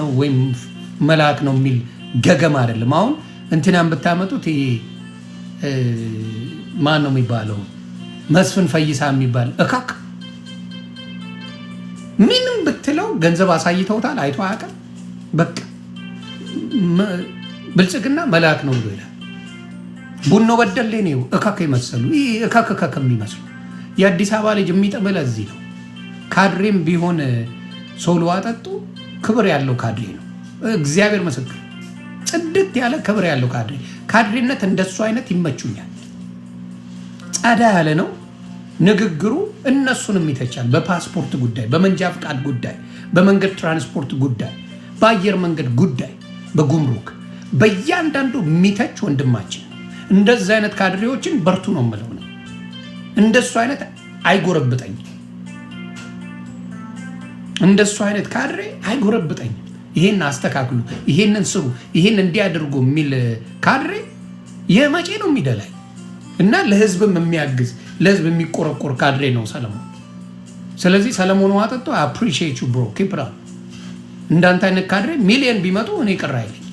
ነው ወይም መልአክ ነው የሚል ገገም አይደለም። አሁን እንትናን ብታመጡት ይሄ ማን ነው የሚባለው መስፍን ፈይሳ የሚባል እካክ ምንም ብትለው ገንዘብ አሳይተውታል፣ አይቶ አያውቅም። በቃ ብልጽግና መልአክ ነው ብሎ ይላል። ቡኖ በደሌ ነው እካክ የመሰሉ ይህ እካክ እካክ የሚመስሉ የአዲስ አበባ ልጅ የሚጥምለ እዚህ ነው። ካድሬም ቢሆን ሶሎ አጠጡ ክብር ያለው ካድሬ ነው። እግዚአብሔር ምስክር፣ ጽድት ያለ ክብር ያለው ካድሬ። ካድሬነት እንደሱ አይነት ይመቹኛል። ጸዳ ያለ ነው ንግግሩ። እነሱንም ይተቻል። በፓስፖርት ጉዳይ፣ በመንጃ ፍቃድ ጉዳይ፣ በመንገድ ትራንስፖርት ጉዳይ፣ በአየር መንገድ ጉዳይ፣ በጉምሩክ በእያንዳንዱ የሚተች ወንድማችን። እንደዚህ አይነት ካድሬዎችን በርቱ ነው የምለው ነው። እንደሱ አይነት አይጎረብጠኝም። እንደሱ አይነት ካድሬ አይጎረብጠኝም። ይሄን አስተካክሉ፣ ይሄንን ስሩ፣ ይሄን እንዲያደርጉ የሚል ካድሬ የመቼ ነው የሚደላኝ? እና ለህዝብም የሚያግዝ ለህዝብ የሚቆረቆር ካድሬ ነው ሰለሞን። ስለዚህ ሰለሞን ዋጠጦ አፕሪሺየት ዩ ብሮ ኪፕራ። እንዳንተ አይነት ካድሬ ሚሊየን ቢመጡ እኔ ቅር አይለኝ።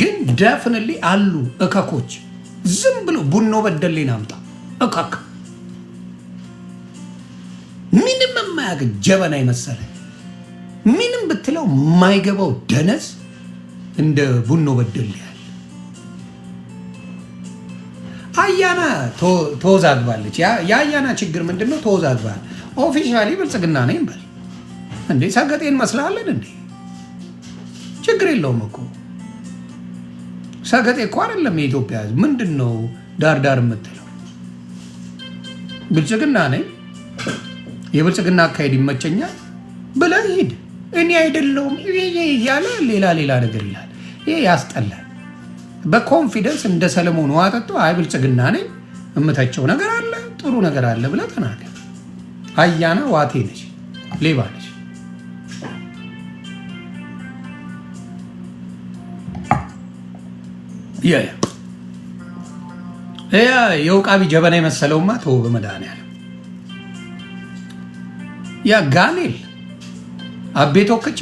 ግን ደፍንሊ አሉ እከኮች። ዝም ብሎ ቡኖ በደሌን አምጣ እከክ ምንም የማያውቅ ጀበና የመሰለ ምንም ብትለው የማይገባው ደነስ እንደ ቡኖ በደል ያለ አያና ተወዛግባለች። የአያና ችግር ምንድን ነው? ተወዛግባል። ኦፊሻሊ ብልጽግና ነኝ በል እንዴ፣ ሰገጤን መስላለን እንዴ? ችግር የለውም እኮ ሰገጤ እኮ አይደለም የኢትዮጵያ ምንድን ነው ዳርዳር የምትለው ብልጽግና ነኝ የብልጽግና አካሄድ ይመቸኛል ብለ ሂድ። እኔ አይደለውም እያለ ሌላ ሌላ ነገር ይላል። ይህ ያስጠላል። በኮንፊደንስ እንደ ሰለሞን ውሃ ጠጡ። አይ ብልጽግና ነኝ እምተቸው ነገር አለ፣ ጥሩ ነገር አለ ብለ ተናገር። አያና ዋቴ ነች፣ ሌባ ነች። የውቃቢ ጀበና የመሰለውማ ተው በመድኃኒዓለም ያ ጋኔል አቤት ወክቻ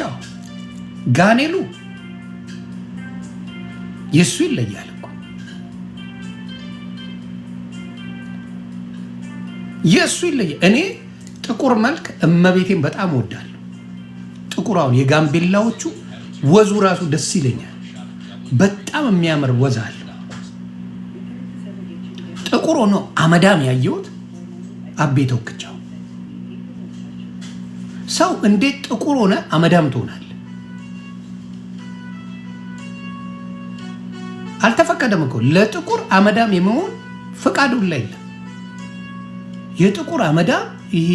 ጋኔሉ የእሱ ይለያል እኮ የእሱ ይለያል። እኔ ጥቁር መልክ እመቤቴን በጣም ወዳለሁ። ጥቁር አሁን የጋምቤላዎቹ ወዙ ራሱ ደስ ይለኛል። በጣም የሚያምር ወዝ አለ። ጥቁር ሆኖ አመዳም ያየሁት አቤት ወክቻ ሰው እንዴት ጥቁር ሆነ አመዳም ትሆናል? አልተፈቀደም እኮ ለጥቁር አመዳም የመሆን ፍቃድ ሁላ የለም። የጥቁር አመዳም ይሄ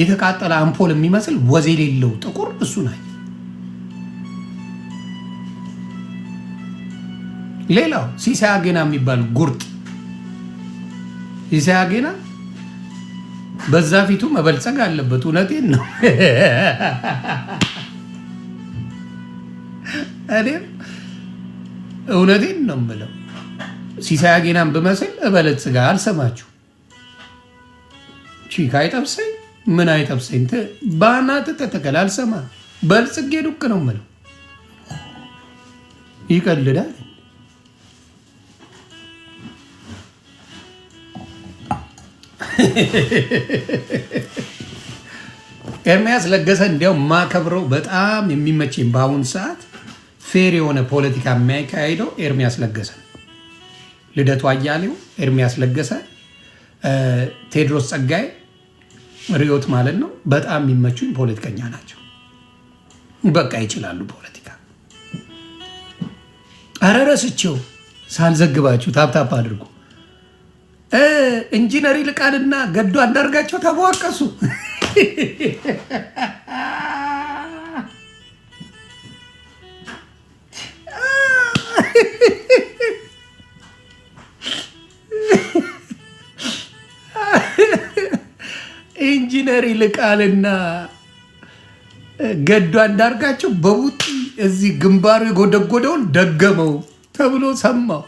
የተቃጠለ አምፖል የሚመስል ወዝ የሌለው ጥቁር እሱ ናይ ሌላው ሲሳያ ጌና የሚባል ጉርጥ ሲሳያ ጌና በዛ ፊቱ መበልጸግ አለበት። እውነቴን ነው። እኔም እውነቴን ነው የምለው። ሲሳይ አጌናን ብመስል እበለጽጋ አልሰማችሁ ቺክ አይጠብሰኝ ምን አይጠብሰኝ ባናት ተተከል አልሰማ በልጽጌ ዱቅ ነው የምለው። ይቀልዳል ኤርሚያስ ለገሰ እንዲያው ማከብረው በጣም የሚመቸኝ በአሁን ሰዓት ፌር የሆነ ፖለቲካ የሚያካሄደው ኤርሚያስ ለገሰ፣ ልደቱ አያሌው፣ ኤርሚያስ ለገሰ፣ ቴዎድሮስ ጸጋይ፣ ርዮት ማለት ነው። በጣም የሚመቹኝ ፖለቲከኛ ናቸው። በቃ ይችላሉ ፖለቲካ። አረ ሳልዘግባችሁ ታፕታፕ አድርጉ። ኢንጂነር ይልቃልና ገዱ አንዳርጋቸው ተቧቀሱ። ኢንጂነር ይልቃልና ገዱ አንዳርጋቸው በቡጢ እዚህ ግንባሩ የጎደጎደውን ደገመው ተብሎ ሰማው።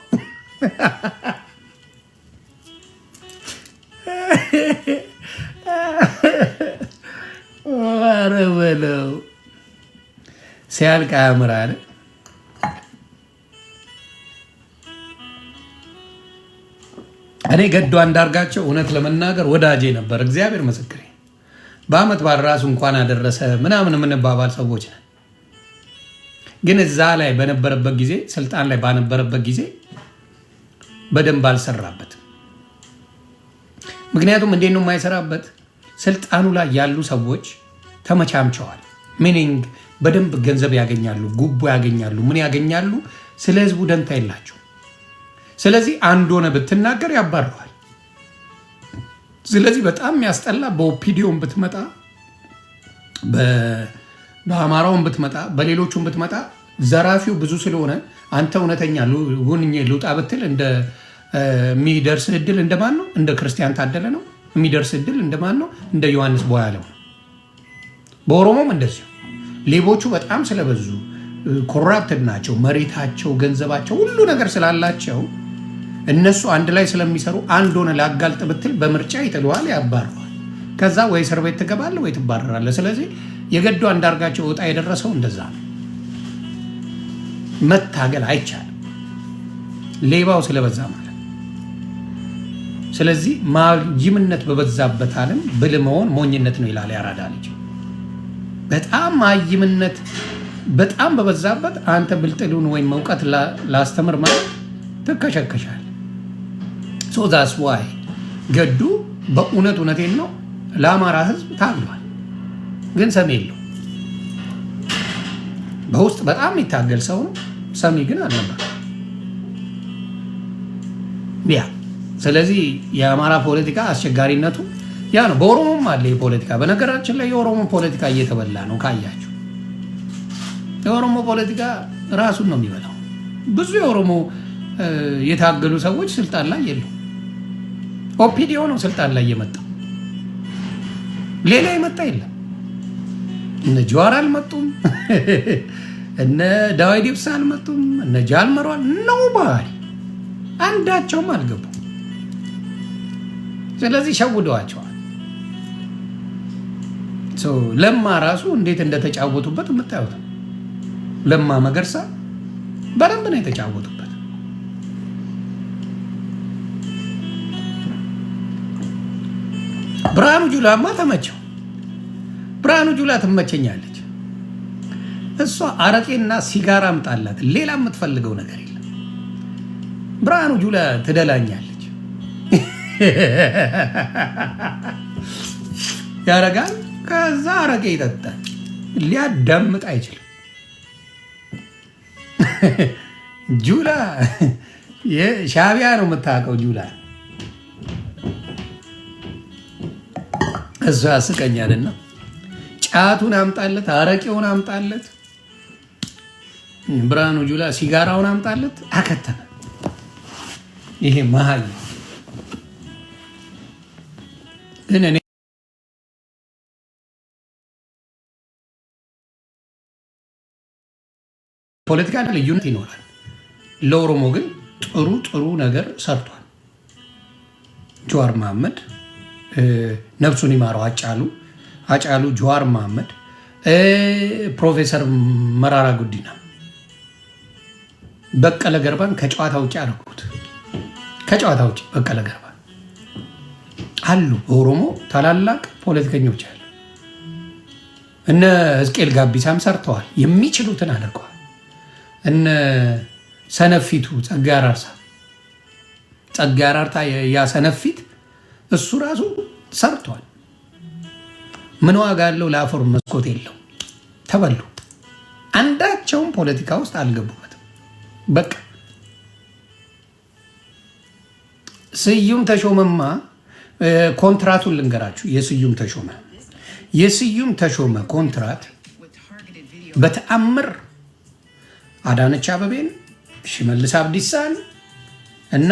ኧረ በለው ሲያልቅ አያምራል። እኔ ገዱ አንዳርጋቸው እውነት ለመናገር ወዳጄ ነበር፣ እግዚአብሔር ምስክሬ። በአመት በዓል ራሱ እንኳን አደረሰ ምናምን የምንባባል ሰዎች ነን። ግን እዛ ላይ በነበረበት ጊዜ ስልጣን ላይ ባነበረበት ጊዜ በደንብ አልሰራበትም። ምክንያቱም እንዴት ነው የማይሰራበት? ስልጣኑ ላይ ያሉ ሰዎች ተመቻምቸዋል። ሚኒንግ በደንብ ገንዘብ ያገኛሉ፣ ጉቦ ያገኛሉ፣ ምን ያገኛሉ። ስለ ህዝቡ ደንታ የላቸው። ስለዚህ አንድ ሆነ ብትናገር ያባርረዋል። ስለዚህ በጣም የሚያስጠላ በኦፒዲዮን ብትመጣ በአማራውን ብትመጣ በሌሎቹን ብትመጣ ዘራፊው ብዙ ስለሆነ አንተ እውነተኛ ሁን ልውጣ ብትል እንደ የሚደርስ እድል እንደማን ነው? እንደ ክርስቲያን ታደለ ነው። የሚደርስ እድል እንደማን ነው? እንደ ዮሐንስ ነው። በኦሮሞም እንደዚሁ ሌቦቹ በጣም ስለበዙ ኮራፕትድ ናቸው። መሬታቸው፣ ገንዘባቸው፣ ሁሉ ነገር ስላላቸው እነሱ አንድ ላይ ስለሚሰሩ አንድ ሆነ ላጋልጥ ብትል በምርጫ ይጥለዋል፣ ያባረዋል። ከዛ ወይ እስር ቤት ትገባለህ ወይ ትባረራለህ። ስለዚህ የገዱ አንዳርጋቸው እጣ የደረሰው እንደዛ ነው። መታገል አይቻልም ሌባው ስለበዛ ማለት ስለዚህ ማይምነት በበዛበት ዓለም ብልህ መሆን ሞኝነት ነው ይላል ያራዳ ልጅ። በጣም ማይምነት በጣም በበዛበት አንተ ብልጥሉን ወይም እውቀት ላስተምር ማለት ትከሸከሻል። ሶ ዛስ ዋይ ገዱ በእውነት እውነቴን ነው ለአማራ ህዝብ ታግሏል፣ ግን ሰሚ የለው። በውስጥ በጣም የሚታገል ሰው ነው፣ ሰሚ ግን አልነበር ያ ስለዚህ የአማራ ፖለቲካ አስቸጋሪነቱ ያ ነው። በኦሮሞም አለ የፖለቲካ በነገራችን ላይ የኦሮሞ ፖለቲካ እየተበላ ነው። ካያችሁ የኦሮሞ ፖለቲካ ራሱን ነው የሚበላው። ብዙ የኦሮሞ የታገሉ ሰዎች ስልጣን ላይ የሉ። ኦፒዲዮ ነው ስልጣን ላይ የመጣው። ሌላ የመጣ የለም። እነ ጀዋር አልመጡም። እነ ዳዊት ኢብሳ አልመጡም። እነ ጃል መሯል ነው ባህሪ አንዳቸውም አልገቡም። ስለዚህ ሸውደዋቸዋል። ለማ ራሱ እንዴት እንደተጫወቱበት የምታዩት ለማ መገርሳ በደንብ ነው የተጫወቱበት። ብርሃኑ ጁላማ ተመቸው። ብርሃኑ ጁላ ትመቸኛለች። እሷ አረቄና ሲጋራ አምጣላት፣ ሌላ የምትፈልገው ነገር የለም። ብርሃኑ ጁላ ትደላኛል። ያረጋል። ከዛ አረቄ ይጠጣል። ሊያዳምጥ አይችልም። ጁላ ሻቢያ ነው የምታውቀው። ጁላ እሱ ያስቀኛልና ጫቱን አምጣለት፣ አረቄውን አምጣለት፣ ብርሃኑ ጁላ ሲጋራውን አምጣለት፣ አከተመ። ይሄ መሀል ግን እኔ ፖለቲካ ልዩነት ይኖራል። ለኦሮሞ ግን ጥሩ ጥሩ ነገር ሰርቷል። ጀዋር መሐመድ ነፍሱን ይማረው። አጫሉ አጫሉ ጀዋር መሐመድ ፕሮፌሰር መራራ ጉዲና በቀለ ገርባን ከጨዋታ ውጭ አደረጉት። ከጨዋታ ውጭ በቀለ ገርባ አሉ በኦሮሞ ታላላቅ ፖለቲከኞች አሉ። እነ ህዝቅኤል ጋቢሳም ሰርተዋል፣ የሚችሉትን አድርገዋል። እነ ሰነፊቱ ጸጋ አራርሳ ጸጋ አራርታ ያ ሰነፊት እሱ ራሱ ሰርቷል። ምን ዋጋ አለው? ለአፈሩ መስኮት የለው። ተበሉ። አንዳቸውም ፖለቲካ ውስጥ አልገቡበትም። በቃ ስዩም ተሾመማ ኮንትራቱን ልንገራችሁ። የስዩም ተሾመ የስዩም ተሾመ ኮንትራት በተአምር አዳነች አበቤን፣ ሽመልስ አብዲሳን እና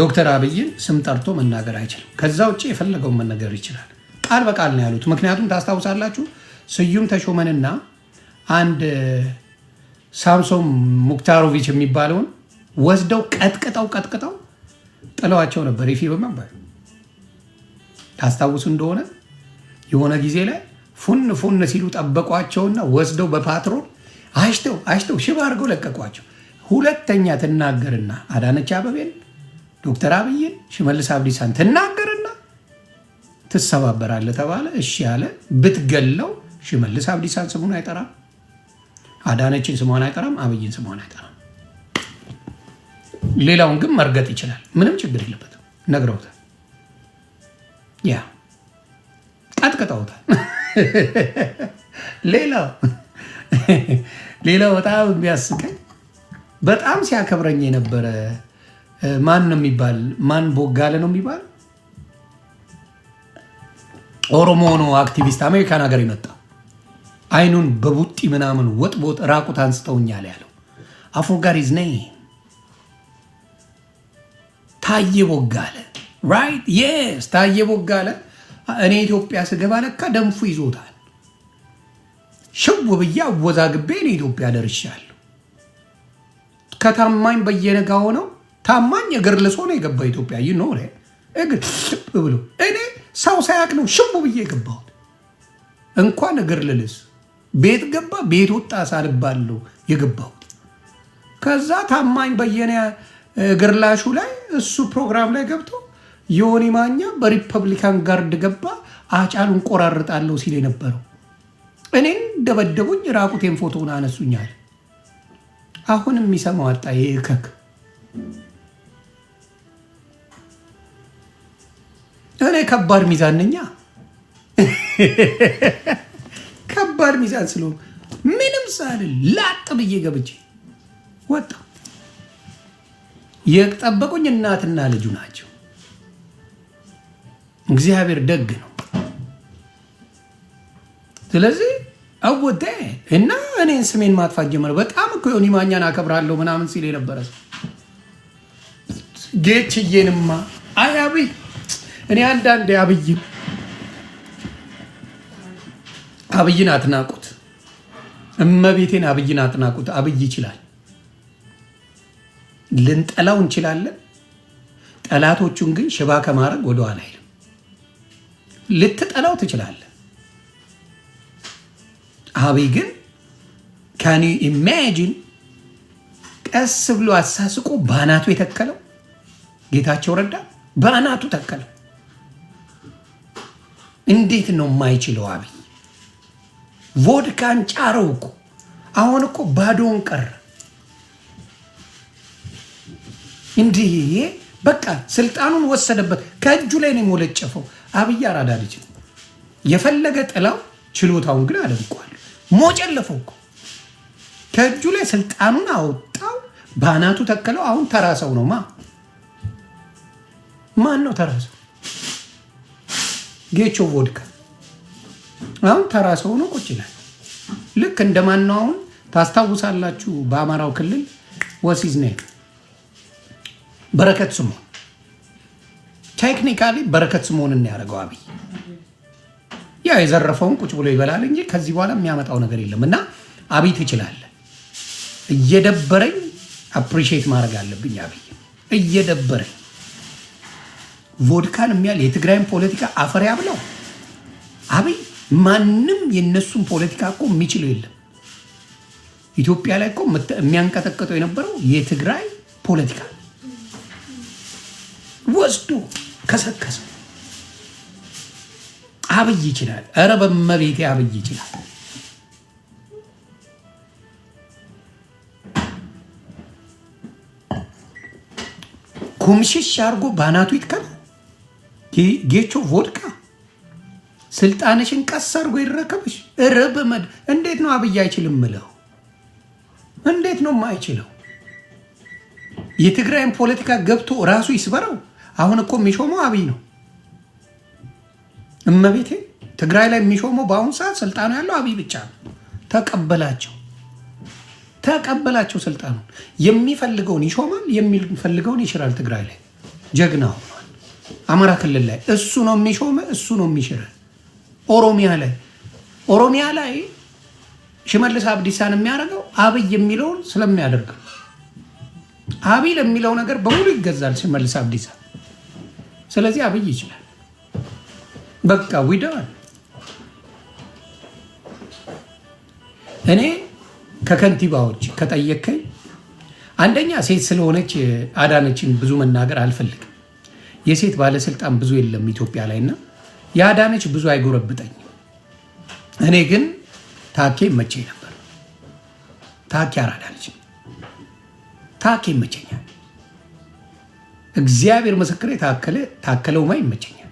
ዶክተር አብይን ስም ጠርቶ መናገር አይችልም። ከዛ ውጭ የፈለገውን መነገር ይችላል። ቃል በቃል ነው ያሉት። ምክንያቱም ታስታውሳላችሁ ስዩም ተሾመንና አንድ ሳምሶን ሙክታሮቪች የሚባለውን ወስደው ቀጥቅጠው ቀጥቅጠው ጥለዋቸው ነበር ይፊ በመባል ታስታውሱ እንደሆነ የሆነ ጊዜ ላይ ፉን ፉን ሲሉ ጠበቋቸውና ወስደው በፓትሮል አሽተው አሽተው ሽባ አድርገው ለቀቋቸው። ሁለተኛ ትናገርና አዳነች አበቤን፣ ዶክተር አብይን፣ ሽመልስ አብዲሳን ትናገርና ትሰባበራለ ተባለ። እሺ ያለ ብትገለው ሽመልስ አብዲሳን ስሙን አይጠራም፣ አዳነችን ስሟን አይጠራም፣ አብይን ስሟን አይጠራም። ሌላውን ግን መርገጥ ይችላል። ምንም ችግር የለበትም። ነግረውታል። ያ ቀጥቅጠውታል። ሌላው ሌላው በጣም የሚያስቀኝ በጣም ሲያከብረኝ የነበረ ማን ነው የሚባል ማን ቦጋለ ነው የሚባል ኦሮሞ ነው አክቲቪስት አሜሪካን ሀገር የመጣ አይኑን በቡጢ ምናምን ወጥቦጥ ራቁት አንስተውኛል ያለው አፎጋሪዝ ነኝ ታዬ ቦጋለ ራይት የስ ታየ ቦጋለ እኔ ኢትዮጵያ ስገባ ለካ ደንፉ ይዞታል። ሽው ብዬ አወዛግቤ እኔ ኢትዮጵያ ደርሻለሁ። ከታማኝ በየነጋ ሆነው ታማኝ እግር ልሶ ነው የገባው ኢትዮጵያ ይኖ እግር ብሎ እኔ ሰው ሳያቅ ነው ሽው ብዬ የገባሁት። እንኳን እግር ልልስ ቤት ገባ ቤት ወጣ ሳልባለሁ የገባሁት። ከዛ ታማኝ በየነ እግር ላሹ ላይ እሱ ፕሮግራም ላይ ገብቶ ዮኒ ማኛ በሪፐብሊካን ጋርድ ገባ አጫሉን ቆራርጣለሁ ሲል የነበረው እኔን ደበደቡኝ፣ ራቁቴን ፎቶውን አነሱኛል። አሁንም የሚሰማው አጣ። ይህ እኔ ከባድ ሚዛን ነኛ። ከባድ ሚዛን ስለሆነ ምንም ሳል ላጥ ብዬ ገብቼ ወጣ። የጠበቁኝ እናትና ልጁ ናቸው። እግዚአብሔር ደግ ነው። ስለዚህ አወደ እና እኔን ስሜን ማጥፋት ጀመረ። በጣም እኮ ዮኒ ማኛን አከብራለሁ ምናምን ሲል የነበረ ጌችዬንማ አይ አብይ እኔ አንዳንድ አብይን አብይን አትናቁት፣ እመቤቴን አብይን አትናቁት። አብይ ይችላል። ልንጠላው እንችላለን። ጠላቶቹን ግን ሽባ ከማድረግ ወደኋላ ልትጠላው ትችላለህ። አብይ ግን ካን ዩ ኢማጂን ቀስ ብሎ አሳስቆ በአናቱ የተከለው ጌታቸው ረዳ በአናቱ ተከለው። እንዴት ነው የማይችለው? አብይ ቮድካን ጫረው እኮ አሁን እኮ ባዶውን ቀረ። እንዲህ በቃ ስልጣኑን ወሰደበት። ከእጁ ላይ ነው የሞለጨፈው። አብይ አራዳ ልጅ ነው። የፈለገ ጥላው ችሎታውን ግን አደንቋል። ሞጨለፈው እኮ ከእጁ ላይ ስልጣኑን አወጣው፣ በአናቱ ተከለው። አሁን ተራሰው ነው ማ ማን ነው ተራሰው? ጌቾ ቮድካ አሁን ተራሰው ነው ቁጭ ይላል። ልክ እንደ ማን ነው። አሁን ታስታውሳላችሁ፣ በአማራው ክልል ወሲዝ ነ በረከት ስምኦን ቴክኒካሊ በረከት ስምኦን እናያደርገው አብይ ያ የዘረፈውን ቁጭ ብሎ ይበላል እንጂ ከዚህ በኋላ የሚያመጣው ነገር የለም። እና አብይ ትችላለህ። እየደበረኝ አፕሪሺየት ማድረግ አለብኝ። አብይ እየደበረኝ ቮድካን የሚያል የትግራይን ፖለቲካ አፈር ያብለው አብይ። ማንም የነሱን ፖለቲካ እኮ የሚችለው የለም። ኢትዮጵያ ላይ እኮ የሚያንቀጠቀጠው የነበረው የትግራይ ፖለቲካ ወስዶ ከሰከሰ። አብይ ይችላል። ኧረ በመቤቴ አብይ ይችላል። ኩምሽሽ አድርጎ ባናቱ ይትከል ጌቾ ቮድካ ስልጣንሽን ቀስ አድርጎ ይረከብሽ። ረብ መድ እንዴት ነው አብይ አይችልም ምለው? እንዴት ነው ማይችለው? የትግራይን ፖለቲካ ገብቶ ራሱ ይስበረው። አሁን እኮ የሚሾመው አብይ ነው። እመቤቴ ትግራይ ላይ የሚሾመው በአሁኑ ሰዓት ስልጣኑ ያለው አብይ ብቻ ነው። ተቀበላቸው ተቀበላቸው ስልጣኑን የሚፈልገውን ይሾማል፣ የሚፈልገውን ይሽራል። ትግራይ ላይ ጀግና ሆኗል። አማራ ክልል ላይ እሱ ነው የሚሾመ፣ እሱ ነው የሚሽረ። ኦሮሚያ ላይ ኦሮሚያ ላይ ሽመልስ አብዲሳን የሚያደርገው አብይ የሚለውን ስለሚያደርግ አብይ ለሚለው ነገር በሙሉ ይገዛል ሽመልስ አብዲሳን። ስለዚህ አብይ ይችላል። በቃ ዊደዋል። እኔ ከከንቲባዎች ከጠየከኝ አንደኛ ሴት ስለሆነች አዳነችን ብዙ መናገር አልፈልግም። የሴት ባለስልጣን ብዙ የለም ኢትዮጵያ ላይ እና የአዳነች ብዙ አይጎረብጠኝም። እኔ ግን ታኬ መቼ ነበር ታኬ አራዳለች ታኬ መቼኛ እግዚአብሔር የታከለ ታከለ ማ ይመቸኛል።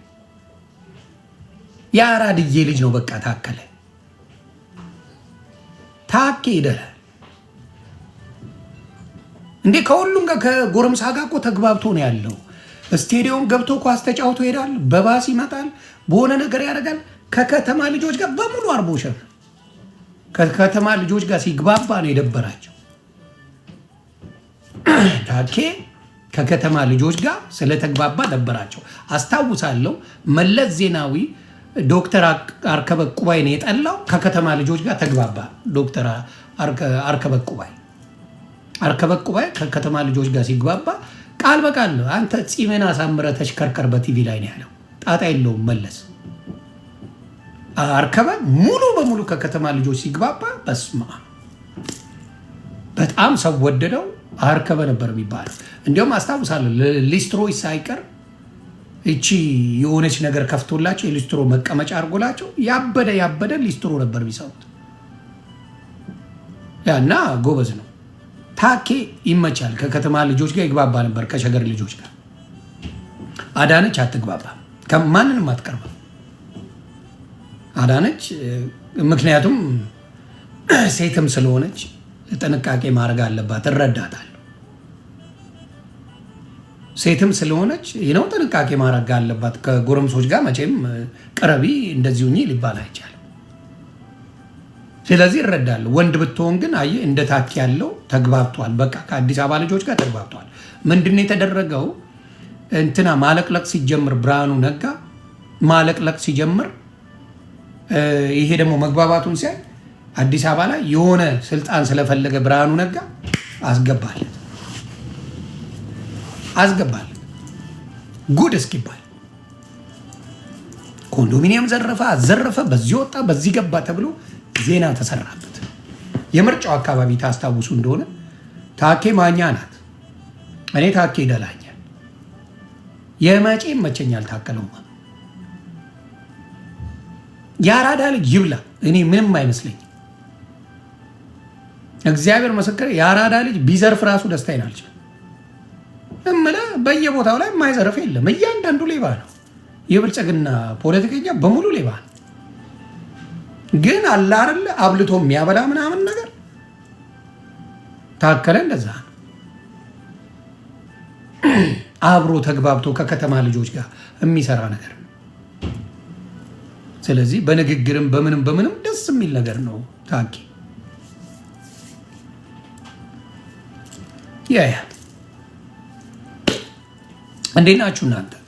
የአራድዬ ልጅ ነው። በቃ ታከለ ታኬ ይደላል እንዴ! ከሁሉም ጋር ከጎረምሳ ጋር እኮ ተግባብቶ ነው ያለው። ስቴዲዮም ገብቶ ኳስ ተጫውቶ ይሄዳል። በባስ ይመጣል። በሆነ ነገር ያደርጋል። ከከተማ ልጆች ጋር በሙሉ አርቦ ሸፍ ከከተማ ልጆች ጋር ሲግባባ ነው የደበራቸው ታኬ ከከተማ ልጆች ጋር ስለተግባባ ነበራቸው። አስታውሳለሁ መለስ ዜናዊ ዶክተር አርከበ ቁባይን የጠላው ከከተማ ልጆች ጋር ተግባባ። ዶክተር አርከበ ቁባይ አርከበ ቁባይ ከከተማ ልጆች ጋር ሲግባባ ቃል በቃል ነው። አንተ ጺሜን አሳምረ ተሽከርከር በቲቪ ላይ ነው ያለው። ጣጣ የለውም መለስ። አርከበ ሙሉ በሙሉ ከከተማ ልጆች ሲግባባ በስማ በጣም ሰው ወደደው። አርከበ ነበር የሚባለው። እንዲሁም አስታውሳለሁ ሊስትሮች ሳይቀር እቺ የሆነች ነገር ከፍቶላቸው የሊስትሮ መቀመጫ አድርጎላቸው ያበደ ያበደ ሊስትሮ ነበር የሚሰሩት። እና ጎበዝ ነው ታኬ ይመቻል። ከከተማ ልጆች ጋር ይግባባ ነበር፣ ከሸገር ልጆች ጋር። አዳነች አትግባባ፣ ማንንም አትቀርባ አዳነች። ምክንያቱም ሴትም ስለሆነች ጥንቃቄ ማድረግ አለባት። እረዳታለሁ። ሴትም ስለሆነች ይነው ጥንቃቄ ማድረግ አለባት። ከጎረምሶች ጋር መቼም ቅረቢ እንደዚሁ ሊባል አይቻልም። ስለዚህ እረዳለሁ። ወንድ ብትሆን ግን አየህ እንደታች ያለው ተግባብቷል። በቃ ከአዲስ አበባ ልጆች ጋር ተግባብቷል። ምንድን የተደረገው እንትና ማለቅለቅ ሲጀምር ብርሃኑ ነጋ ማለቅለቅ ሲጀምር ይሄ ደግሞ መግባባቱን ሲያይ አዲስ አበባ ላይ የሆነ ስልጣን ስለፈለገ ብርሃኑ ነጋ አስገባል አስገባል ጉድ እስኪባል ኮንዶሚኒየም ዘረፈ፣ አዘረፈ፣ በዚህ ወጣ፣ በዚህ ገባ ተብሎ ዜና ተሰራበት። የምርጫው አካባቢ ታስታውሱ እንደሆነ ታኬ ማኛ ናት። እኔ ታኬ ይደላኛል፣ የመጪም ይመቸኛል። ታከለማ የአራዳ ልጅ ይብላ፣ እኔ ምንም አይመስለኝ እግዚአብሔር ምስክር የአራዳ ልጅ ቢዘርፍ ራሱ ደስታ ይናልችል እምለ በየቦታው ላይ የማይዘርፍ የለም። እያንዳንዱ ሌባ ነው። የብልጽግና ፖለቲከኛ በሙሉ ሌባ ነው። ግን አለ አይደለ አብልቶ የሚያበላ ምናምን ነገር ታከለ እንደዛ ነው። አብሮ ተግባብቶ ከከተማ ልጆች ጋር የሚሰራ ነገር ስለዚህ በንግግርም በምንም በምንም ደስ የሚል ነገር ነው ታኬ ያያል። እንዴት ናችሁ እናንተ?